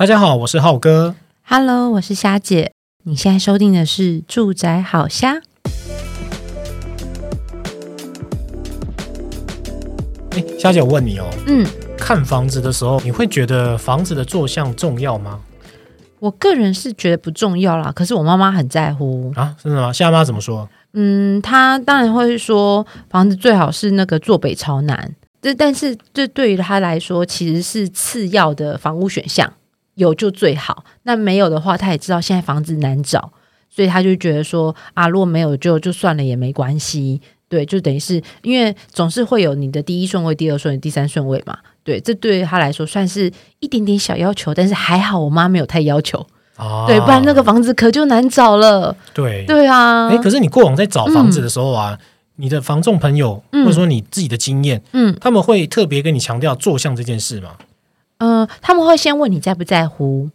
大家好，我是浩哥。Hello，我是蝦姐。你現在收聽的是《住宅好瞎》。哎，蝦姐，我問你哦，嗯，看房子的時候，你會覺得房子的坐向重要嗎？我個人是覺得不重要啦，可是我媽媽很在乎啊。真的嗎？蝦媽怎麼說？嗯，她當然會說房子最好是那個坐北朝南，這但是這對於她來說其實是次要的房屋選項。有就最好，那沒有的話，他也知道現在房子難找，所以他就覺得說啊，如果沒有就就算了也沒關係。對，就等於是因為總是會有你的第一順位、第二順位、第三順位嘛。對，這對於他來說算是一點點小要求，但是還好，我媽沒有太要求。啊、對，不然那個房子可就難找了。對，對啊、欸。可是你過往在找房子的時候啊，嗯、你的房仲朋友或者說你自己的經驗，嗯，他們會特別跟你強調坐向這件事嗎？嗯、呃，他們會先問你在不在乎，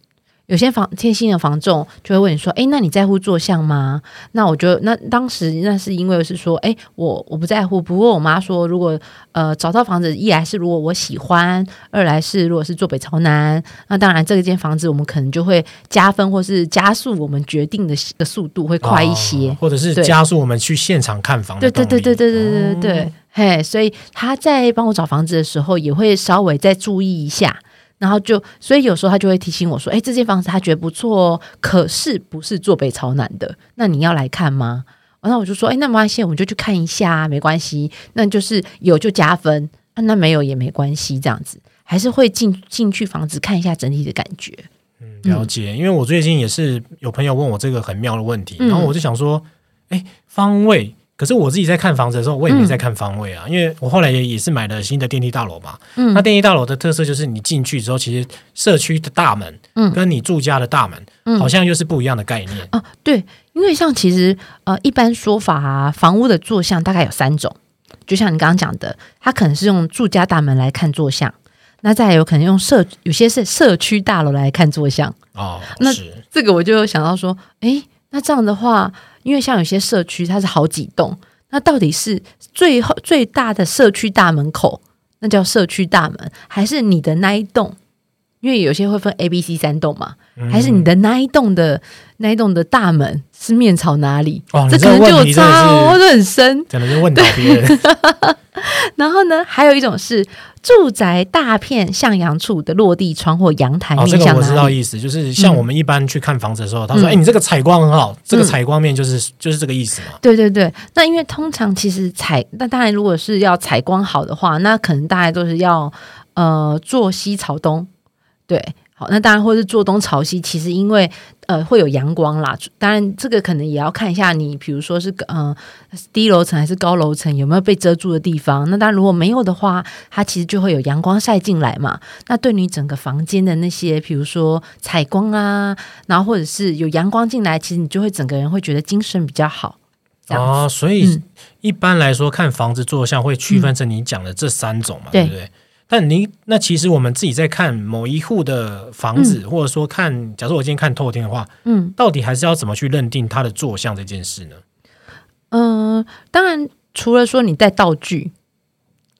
有些房貼心的房仲就會問你說，哎，那你在乎坐向嗎？那我覺得那當時那是因為是說，哎，我我不在乎。不過我媽說，如果呃找到房子，一來是如果我喜歡，二來是如果是坐北朝南，那當然這個間房子我們可能就會加分，或是加速我們決定的的速度會快一些、啊，或者是加速我們去現場看房對。對對對對對對對對對，對，嗯、嘿，所以他在幫我找房子的時候也會稍微再注意一下。然後就，所以有時候他就會提醒我說：“哎，這間房子他覺得不錯哦，可是不是坐北朝南的，那你要來看嗎？”然後我就說：“哎，沒關係，我們就去看一下、啊、沒關係。那就是有就加分，啊、那沒有也沒關係，這樣子還是會進進去房子看一下整體的感覺。”嗯，了解。因為我最近也是有朋友問我這個很妙的問題，嗯、然後我就想說：“哎，方位。”可是我自己在看房子的時候，我也沒在看方位啊、嗯，因為我後來也也是買了新的電梯大樓嘛、嗯。那電梯大樓的特色就是，你進去之後，其實社區的大門，嗯，跟你住家的大門，嗯，好像又是不一樣的概念、嗯嗯、啊。對，因為像其實呃，一般說法、啊、房屋的坐向大概有三種，就像你剛剛講的，它可能是用住家大門來看坐向，那再有可能用社有些是社，社區大樓來看坐向。哦，那是這個我就想到說，哎。那這樣的話，因為像有些社區它是好幾棟，那到底是最後最大的社區大門口，那叫社區大門，還是你的那一棟？因為有些會分 A、B、C 三棟嘛，嗯、哼還是你的那一棟的那一棟的大門是面朝哪裡？哦，你這，這可能就有差哦，這很深，可能就問倒別人。對 然後呢，還有一種是住宅大片向陽處的落地窗或陽台面。哦，這個我知道意思，就是像我們一般去看房子的時候，嗯、他說：“哎、嗯，欸、你這個採光很好。”這個採光面就是就是這個意思嘛。對對對，那因為通常其實採，那當然如果是要採光好的話，那可能大概都是要呃坐西朝東。對，好，那當然，或是坐東朝西，其實因為呃會有陽光啦。當然，這個可能也要看一下你，比如說是嗯、呃、低樓層還是高樓層，有沒有被遮住的地方。那當然如果沒有的話，它其實就會有陽光曬進來嘛。那對你整個房間的那些，比如說採光啊，然後或者是有陽光進來，其實你就會整個人會覺得精神比較好。啊、哦，所以一般來說，嗯、看房子坐向會區分成你講的這三種嘛，對不、嗯、對？對但您那其實我們自己在看某一戶的房子，嗯、或者說看，假如我今天看透天的話，嗯，到底還是要怎麼去認定他的坐向這件事呢？嗯、呃，當然，除了說你帶道具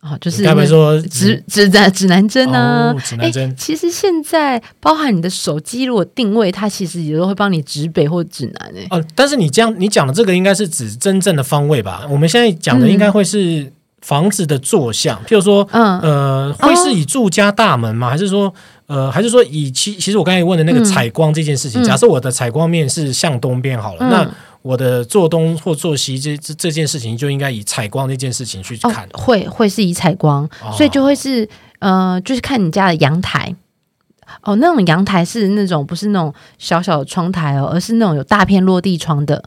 啊、哦，就是該不會說指指南指，指南針呢、啊哦？指南針，欸、其實現在包含你的手機，如果定位，它其實也都會幫你指北或指南誒、欸。哦、呃，但是你這樣你講的這個應該是指真正的方位吧？我們現在講的應該會是。嗯房子的坐向，譬如說，嗯哦、呃，會是以住家大門嗎？還是說，呃，還是說以其其實我剛才問的那個採光這件事情？嗯嗯、假設我的採光面是向東邊好了，嗯、那我的坐東或坐西這這件事情就應該以採光這件事情去看。哦哦、會會是以採光，哦、所以就會是呃，就是看你家的陽台。哦，那種陽台是那種不是那種小小的窗台哦，而是那種有大片落地窗的。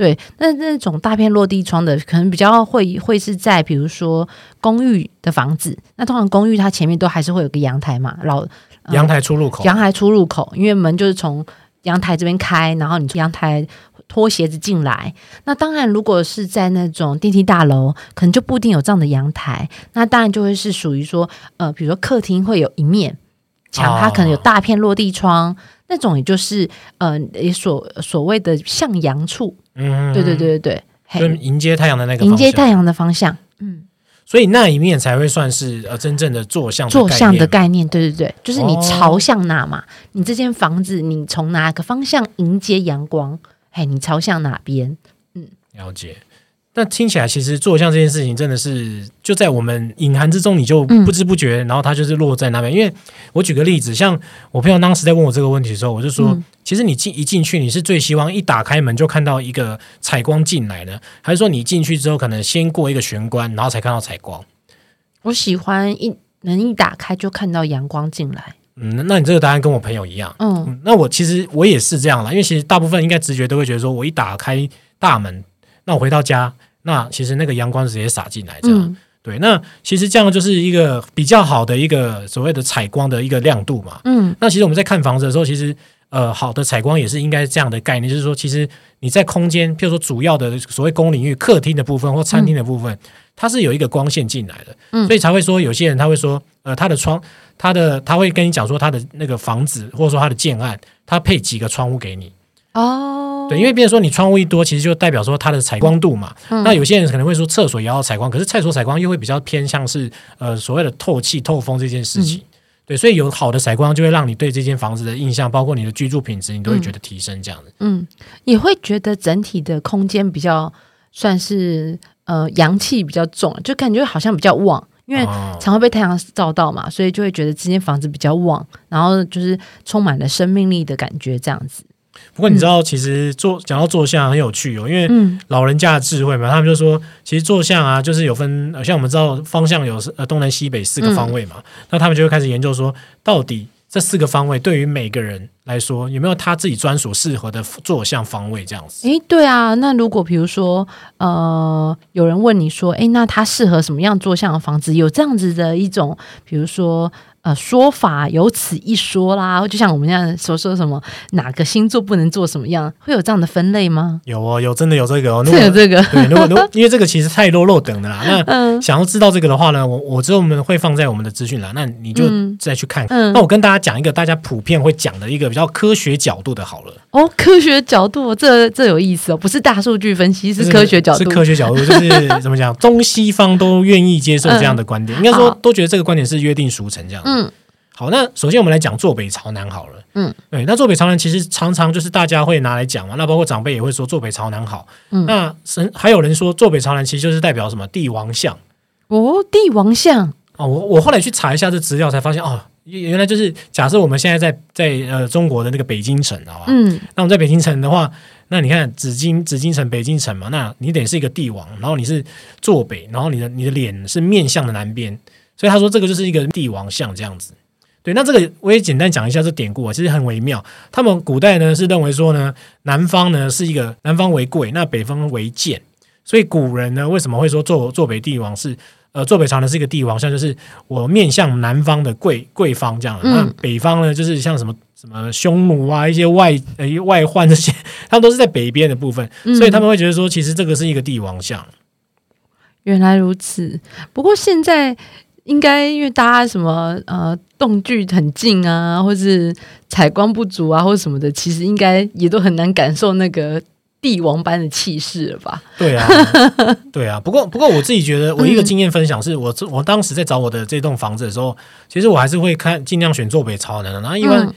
對，那那種大片落地窗的，可能比較會會是在比如說公寓的房子，那通常公寓它前面都還是會有個陽台嘛，老、呃、陽台出入口，陽台出入口，因為門就是從陽台這邊開，然後你從陽台脫鞋子進來。那當然，如果是在那種電梯大樓，可能就不一定有這樣的陽台。那當然就會是屬於說，呃，比如說客廳會有一面牆，它可能有大片落地窗，Oh. 那種也就是呃，也所所謂的向陽處。嗯，對對對對對，迎迎接太陽的那個方向，迎接太陽的方向，嗯，所以那一面才會算是呃真正的坐向的坐向的概念，對對對，就是你朝向哪嘛，哦，你這間房子你從哪個方向迎接陽光，嘿，你朝向哪邊，嗯，了解。那聽起來，其實坐向這件事情，真的是就在我們隱含之中，你就不知不覺，然後它就是落在那邊。嗯、因為我舉個例子，像我朋友當時在問我這個問題的時候，我就說，其實你進一進去，你是最希望一打開門就看到一個採光進來的，還是說你進去之後可能先過一個玄關，然後才看到採光？我喜歡一能一打開就看到陽光進來。嗯，那你這個答案跟我朋友一樣。嗯，嗯、那我其實我也是這樣啦，因為其實大部分應該直覺都會覺得，說我一打開大門。那我回到家，那其實那個陽光直接灑進來，這樣、嗯、對。那其實這樣就是一個比較好的一個所謂的採光的一個亮度嘛。嗯，那其實我們在看房子的時候，其實呃，好的採光也是應該這樣的概念，就是說，其實你在空間，譬如說主要的所謂公領域，客廳的部分或餐廳的部分，嗯、它是有一個光線進來的，嗯、所以才會說有些人他會說，呃，他的窗，他的他會跟你講說他的那個房子或者說他的建案，他配幾個窗戶給你。哦，oh, 對，因為比如說你窗戶一多，其實就代表說它的採光度嘛。嗯、那有些人可能會說廁所也要採光，可是廁所採光又會比較偏向是呃所謂的透氣透風這件事情。嗯、對，所以有好的採光就會讓你對這間房子的印象，包括你的居住品質，你都會覺得提升這樣的。嗯，你會覺得整體的空間比較算是呃陽氣比較重，就感覺好像比較旺，因為常會被太陽照到嘛，所以就會覺得這間房子比較旺，然後就是充滿了生命力的感覺這樣子。不過你知道，其實做、嗯、講到坐向很有趣哦，因為老人家的智慧嘛，嗯、他們就說，其實坐向啊，就是有分，像我們知道方向有呃東南西北四個方位嘛，嗯、那他們就會開始研究說，到底這四個方位對於每個人來說，有沒有他自己專屬適合的坐向方位這樣子？誒，對啊，那如果比如說呃，有人問你說，誒，那他適合什麼樣坐向的房子？有這樣子的一種，比如說。呃，說法有此一說啦，或就像我們這樣所說的什麼哪個星座不能做什麼樣，會有這樣的分類嗎？有哦，有真的有這個哦，如果有這個。對，如果都 因為這個其實太落落等的啦，那想要知道這個的話呢，我我之後我們會放在我們的資訊欄啦，那你就再去看看。嗯、那我跟大家講一個、嗯、大家普遍會講的一個比較科學角度的，好了。哦，科學角度這這有意思哦，不是大數據分析，是科學角度，是，是科學角度，就是 怎麼講，中西方都願意接受這樣的觀點，嗯、應該說好都覺得這個觀點是約定俗成這樣嗯，好，那首先我們來講坐北朝南好了。嗯，對，那坐北朝南其實常常就是大家會拿來講嘛，那包括長輩也會說坐北朝南好。嗯，那還還有人說坐北朝南其實就是代表什麼帝王向。哦，帝王向。哦，我我後來去查一下這資料，才發現哦。原來就是假設我們現在在在呃中國的那個北京城，好吧？嗯。那我們在北京城的話，那你看紫禁紫禁城、北京城嘛，那你得是一個帝王，然後你是坐北，然後你的你的臉是面向的南邊，所以他說這個就是一個帝王向這樣子。對，那這個我也簡單講一下這典故啊，其實很微妙。他們古代呢是認為說呢，南方呢是一個南方為貴，那北方為賤，所以古人呢為什麼會說坐坐北帝王是？呃，坐北朝南是一個帝王向，就是我面向南方的貴貴方這樣的。那、嗯、北方呢，就是像什麼什麼匈奴啊，一些外呃外患這些，他們都是在北邊的部分，嗯、所以他們會覺得說，其實這個是一個帝王向。原來如此，不過現在應該因為大家什麼呃，棟距很近啊，或是採光不足啊，或者什麼的，其實應該也都很難感受那個。帝王般的氣勢了吧？對啊，對啊。不過，不過我自己覺得，我一個經驗分享是我，我、嗯、我當時在找我的這棟房子的時候，其實我還是會看，儘量選坐北朝南的。然後，因為、嗯、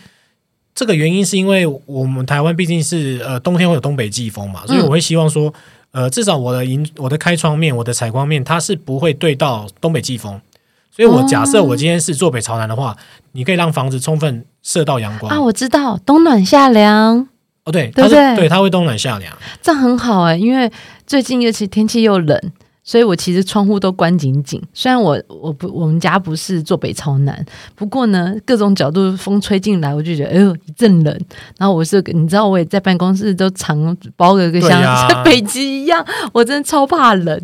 這個原因，是因為我們台灣畢竟是呃冬天會有東北季風嘛，所以我會希望說，嗯、呃，至少我的迎我的開窗面、我的採光面，它是不會對到東北季風。所以，我假設我今天是坐北朝南的話，哦、你可以讓房子充分射到陽光啊。我知道，冬暖夏涼。哦，對，對它對，它會冬暖夏涼，這樣很好哎、欸，因為最近尤其天氣又冷，所以我其實窗戶都關緊緊。雖然我我不我們家不是坐北朝南，不過呢，各種角度風吹進來，我就覺得哎呦一陣冷。然後我是你知道，我也在辦公室都常包個個箱子，啊、在北極一樣，我真的超怕冷。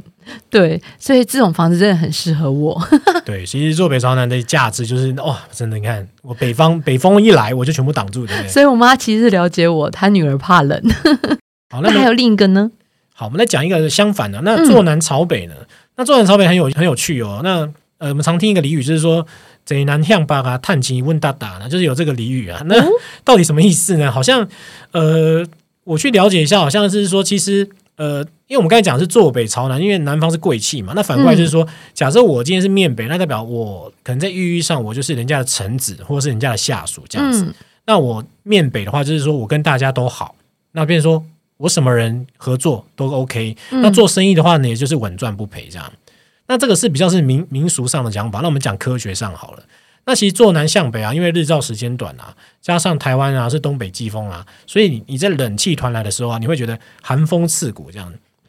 對，所以這種房子真的很適合我。 對，其實坐北朝南的價值就是，哇、哦，真的，你看我北方北風一來，我就全部擋住，對不對？所以我媽其實了解我，她女兒怕冷。 好，那還有另一個呢？好，我們來講一個相反的、啊，那坐南朝北呢？嗯、那坐南朝北很有很有趣哦。那呃，我們常聽一個俚語，就是說“坐南朝北賺錢穩答答”，呢，就是有這個俚語啊。那到底什麼意思呢？嗯、好像呃，我去了解一下，好像是說其實。呃，因為我們剛才講是坐北朝南，因為南方是貴氣嘛。那反過來就是說，嗯、假設我今天是面北，那代表我可能在寓意上，我就是人家的臣子，或者是人家的下屬這樣子。嗯、那我面北的話，就是說我跟大家都好，那變成說我什麼人合作都 OK、嗯。那做生意的話呢，也就是穩賺不賠這樣。那這個是比較是民民俗上的講法。那我們講科學上好了。那其實坐南向北啊，因為日照時間短啊，加上台灣啊是東北季風啊，所以你你在冷氣團來的時候啊，你會覺得寒風刺骨這樣。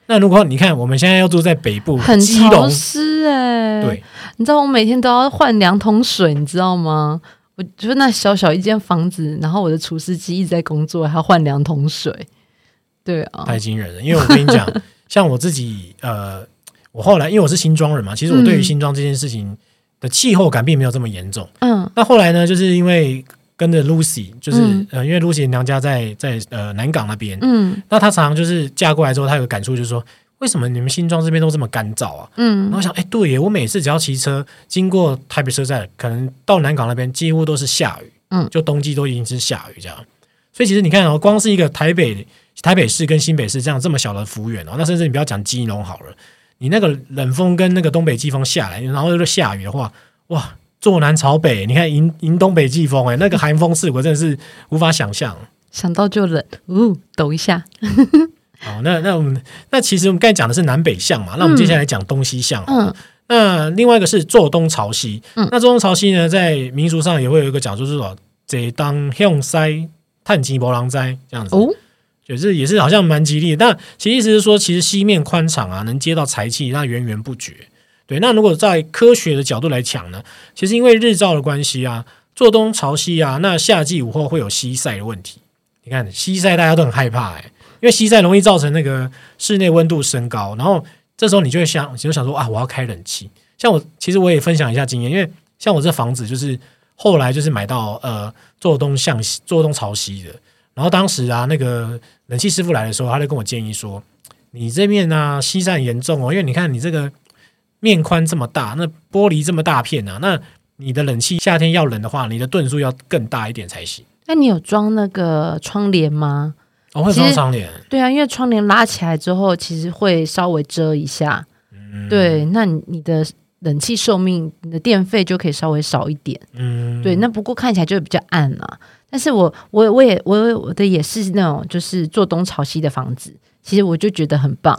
那如果你看我們現在又住在北部，很潮濕誒、欸。對，你知道我每天都要換兩桶水，哦、你知道嗎？我覺得那小小一間房子，然後我的除濕機一直在工作，還要換兩桶水，對啊，太驚人了。因為我跟你講， 像我自己呃，我後來因為我是新莊人嘛，其實我對於新莊這件事情。嗯的氣候感並沒有這麼嚴重，嗯，那後來呢，就是因為跟着 Lucy，就是、嗯、呃，因為 Lucy 娘家在在呃南港那邊，嗯，那她常常就是嫁過來之後，她有個感觸，就是說為什麼你們新莊這邊都這麼乾燥啊？嗯，然後我想，哎、欸，對，我每次只要騎車經過台北車站，可能到南港那邊，幾乎都是下雨，嗯，就冬季都已經是下雨這樣，所以其實你看哦、喔，光是一個台北台北市跟新北市這樣這麼小的幅員哦、喔，那甚至你不要講基隆好了。你那個冷風跟那個東北季風下來，然後又下雨的話，哇，坐南朝北，你看迎迎東北季風，哎、嗯，那個寒風刺骨，真的是無法想象。想到就冷，哦，抖一下。嗯、好，那那我們那其實我們剛才講的是南北向嘛，那、嗯、我們接下來講東西向。嗯。那另外一個是坐東朝西。嗯。那坐東朝西呢，在民俗上也會有一個講究，就是說，坐東朝西、賺錢無人知這樣子。哦。也是也是好像蠻吉利，但其實意思是說，其實西面寬敞啊，能接到財氣，那源源不絕。對，那如果在科學的角度來講呢，其實因為日照的關係啊，坐東朝西啊，那夏季午後會有西曬的問題。你看西曬大家都很害怕誒、欸，因為西曬容易造成那個室內溫度升高，然後這時候你就會想，就想說啊，我要開冷氣。像我，其實我也分享一下經驗，因為像我這房子就是後來就是買到呃坐東向西、坐東朝西的。然後當時啊，那個冷氣師傅來的時候，他就跟我建議說：“你這面呢、啊、西曬嚴重哦，因為你看你這個面寬這麼大，那玻璃這麼大片啊，那你的冷氣夏天要冷的話，你的噸數要更大一點才行。”那你有裝那個窗簾嗎？我、哦、實會裝窗簾。對啊，因為窗簾拉起來之後，其實會稍微遮一下。嗯。對，那你的冷氣壽命、你的電費就可以稍微少一點。嗯。對，那不過看起來就會比較暗了，啊。但是我我我也我也我的也是那種就是坐東朝西的房子，其實我就覺得很棒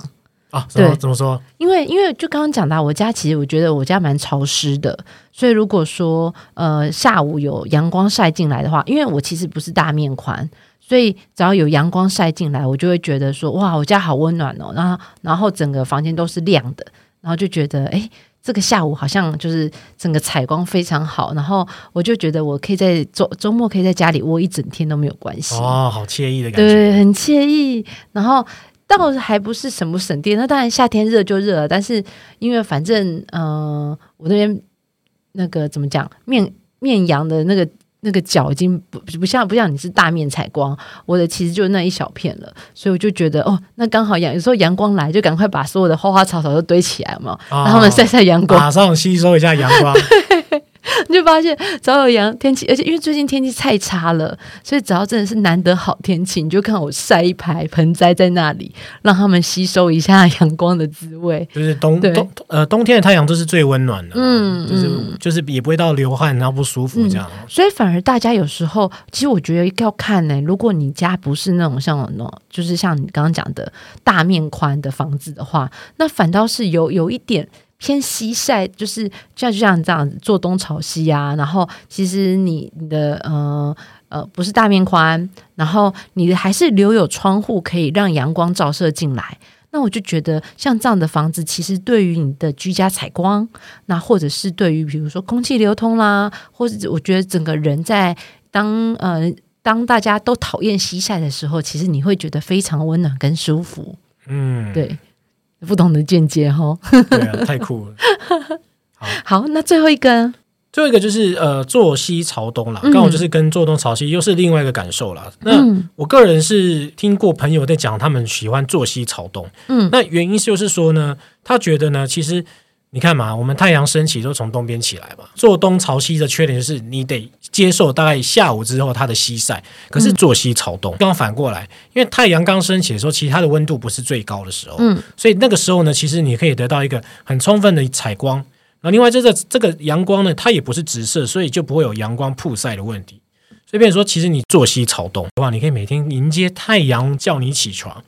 啊。什麼對，怎麼說啊？因為因為就剛剛講到，我家其實我覺得我家蠻潮濕的，所以如果說呃下午有陽光曬進來的話，因為我其實不是大面寬，所以只要有陽光曬進來，我就會覺得說哇，我家好溫暖哦，然後然後整個房間都是亮的，然後就覺得誒。這個下午好像就是整個採光非常好，然後我就覺得我可以在周周末可以在家裡窩一整天都沒有關係哇、哦，好愜意的感覺，對，很愜意。然後倒還不是省不省電，那當然夏天熱就熱了，但是因為反正嗯、呃，我那邊那個怎麼講，面面陽的那個。那個腳已經不不像不像你是大面採光，我的其實就是那一小片了，所以我就覺得哦，那剛好陽有時候陽光來就趕快把所有的花花草草都堆起來嘛，然後呢曬曬陽光，馬上、啊、吸收一下陽光。就發現早有陽天氣，而且因為最近天氣太差了，所以只要真的是難得好天氣，你就看我曬一排盆栽在那裡，讓他們吸收一下陽光的滋味。就是冬對冬呃冬天的太陽都是最溫暖的，嗯，嗯，就是就是也不會到流汗然後不舒服這樣，嗯。所以反而大家有時候，其實我覺得要看呢，欸，如果你家不是那種像我那種，就是像你剛剛講的大面寬的房子的話，那反倒是有有一點。偏西曬，就是像就像這樣坐東朝西呀，然後其實你的你的呃呃不是大面寬，然後你還是留有窗戶，可以讓陽光照射進來。那我就覺得像這樣的房子，其實對於你的居家採光，那或者是對於比如說空氣流通啦，或者我覺得整個人在當呃當大家都討厭西曬的時候，其實你會覺得非常溫暖跟舒服。嗯，對。不同的見解，吼，對啊，太酷了 好。好，那最後一個，最後一個就是呃，坐西朝東啦，嗯、剛好就是跟坐東朝西又是另外一個感受了。那我個人是聽過朋友在講，他們喜歡坐西朝東，嗯，那原因就是說呢，他覺得呢，其實。你看嘛，我們太陽升起都從東邊起來嘛，坐東朝西的缺點就是你得接受大概下午之後它的西曬，可是坐西朝東，剛反過來，因為太陽剛升起的時候，其實它的溫度不是最高的時候，嗯，所以那個時候呢，其實你可以得到一個很充分的採光，然後另外這個這個陽光呢，它也不是直射，所以就不會有陽光曝曬的問題。所以變說，其實你坐西朝東的話，你可以每天迎接太陽叫你起床，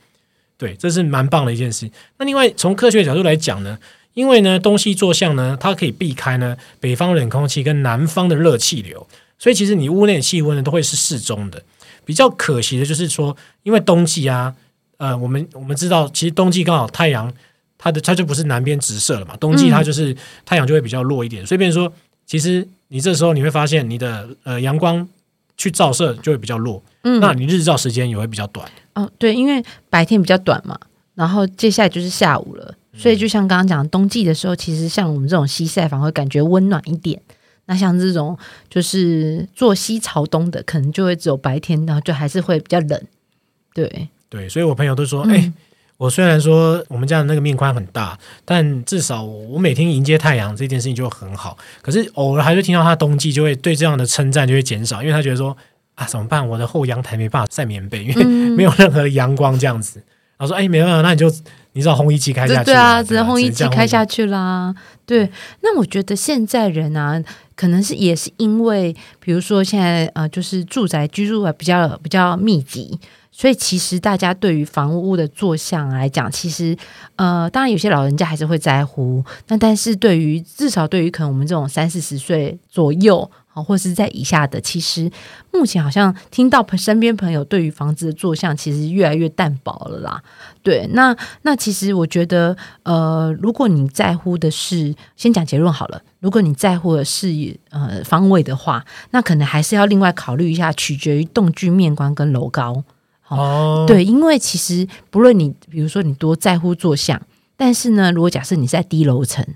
對，這是蠻棒的一件事。那另外從科學角度來講呢？因為呢，東西坐向呢，它可以避開呢北方冷空氣跟南方的熱氣流，所以其實你屋內氣溫呢都會是適中的。比較可惜的就是說，因為冬季啊，呃，我們我們知道，其實冬季剛好太陽它的它就不是南邊直射了嘛，冬季它就是、嗯、太陽就會比較弱一點，所以，變說，其實你這時候你會發現你的呃陽光去照射就會比較弱，嗯哼，那你日照時間也會比較短。哦，對，因為白天比較短嘛，然後接下來就是下午了。所以，就像剛剛講的，冬季的時候，其實像我們這種西曬房會感覺溫暖一點。那像這種就是坐西朝東的，可能就會只有白天，然後就還是會比較冷。對對，所以我朋友都說：“哎、嗯欸，我雖然說我們家的那個面寬很大，但至少我每天迎接太陽這件事情就很好。可是偶爾還是聽到他冬季就會對這樣的稱讚就會減少，因為他覺得說啊，怎麼辦？我的後陽台沒辦法曬棉被，嗯、因為沒有任何陽光這樣子。”他說：“哎、欸，沒辦法，那你就。”你知道烘衣機開下去，對，對啊，只能吧烘衣機開下去啦。 對，那我覺得現在人啊，可能是也是因為，比如說現在呃，就是住宅居住啊比較比較密集，所以其實大家對於房屋的坐向來講，其實呃，當然有些老人家還是會在乎，那但是對於至少對於可能我們這種三四十歲左右。哦，或是在以下的，其實目前好像聽到身邊朋友對於房子的坐向，其實越來越淡薄了啦。對，那那其實我覺得，呃，如果你在乎的是，先講結論好了。如果你在乎的是呃方位的話，那可能還是要另外考慮一下，取決於棟距、面光跟樓高。哦，對，因為其實不論你，比如說你多在乎坐向，但是呢，如果假設你是在低樓層。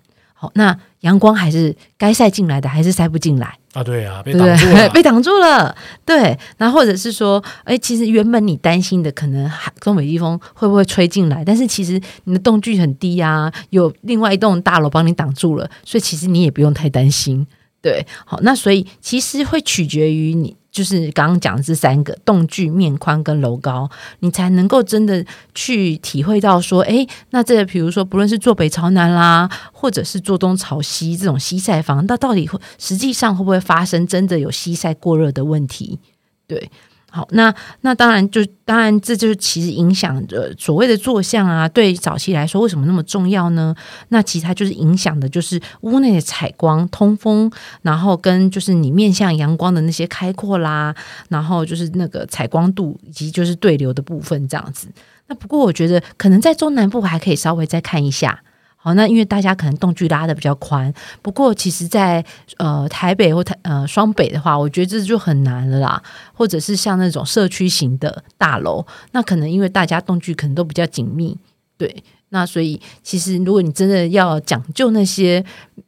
好，那陽光還是該曬進來的，還是曬不進來啊？對啊，被擋住了對對， 被擋住了。對，那或者是說，哎、欸，其實原本你擔心的，可能東北季風會不會吹進來？但是其實你的棟距很低啊，有另外一棟大樓幫你擋住了，所以其實你也不用太擔心。對，好，那所以其實會取決於你。就是剛剛講的這三個棟距、面寬跟樓高，你才能夠真的去體會到說，哎，那這個比如說不論是坐北朝南啦，或者是坐東朝西這種西曬房，那到底實際上會不會發生真的有西曬過熱的問題？對。好，那那當然就當然，這就是其實影響着，呃，所謂的坐向啊，對早期來說為什麼那麼重要呢？那其實它就是影響的就是屋內的採光、通風，然後跟就是你面向陽光的那些開闊啦，然後就是那個採光度以及就是對流的部分這樣子。那不過我覺得可能在中南部還可以稍微再看一下。好，那因為大家可能棟距拉的比較寬，不過其實在，在呃台北或台呃雙北的話，我覺得這就很難了啦。或者是像那種社區型的大樓，那可能因為大家棟距可能都比較緊密，對。那所以，其實如果你真的要講究那些，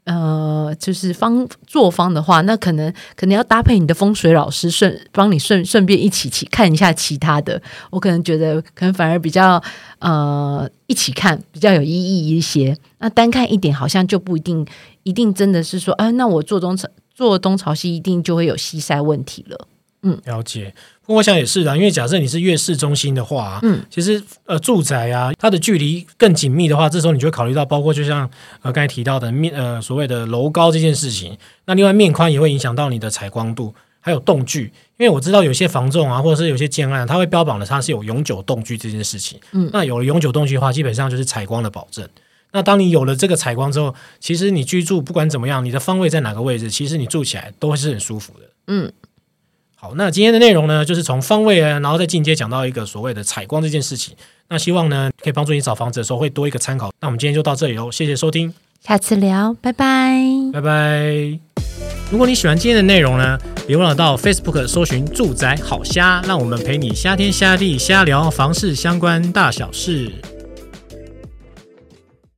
呃，就是方坐方的話，那可能可能要搭配你的風水老師，順，順幫你順順便一起去看一下其他的。我可能覺得，可能反而比較呃一起看比較有意義一些。那單看一點，好像就不一定一定真的是說，哎、呃，那我坐東坐東朝西，一定就會有西曬問題了。嗯，了解。不過我想也是的、啊，因為假設你是越市中心的話、啊，嗯，其實呃，住宅啊，它的距離更緊密的話，這時候你就會考慮到，包括就像呃剛才提到的面呃，所謂的樓高這件事情。那另外面寬也會影響到你的採光度，還有棟距。因為我知道有些房仲啊，或者是有些建案，它會標榜的是它是有永久棟距這件事情。嗯，那有了永久棟距的話，基本上就是採光的保證。那當你有了這個採光之後，其實你居住不管怎麼樣，你的方位在哪個位置，其實你住起來都會是很舒服的。嗯。好，那今天的內容呢，就是從方位啊，然後再進階講到一個所謂的採光這件事情。那希望呢，可以幫助你找房子的時候會多一個參考。那我們今天就到這裡哦，謝謝收聽，下次聊，拜拜，拜拜。如果你喜歡今天的內容呢，別忘了到 Facebook 搜尋“住宅好瞎”，讓我們陪你瞎天瞎地瞎聊房事相關大小事。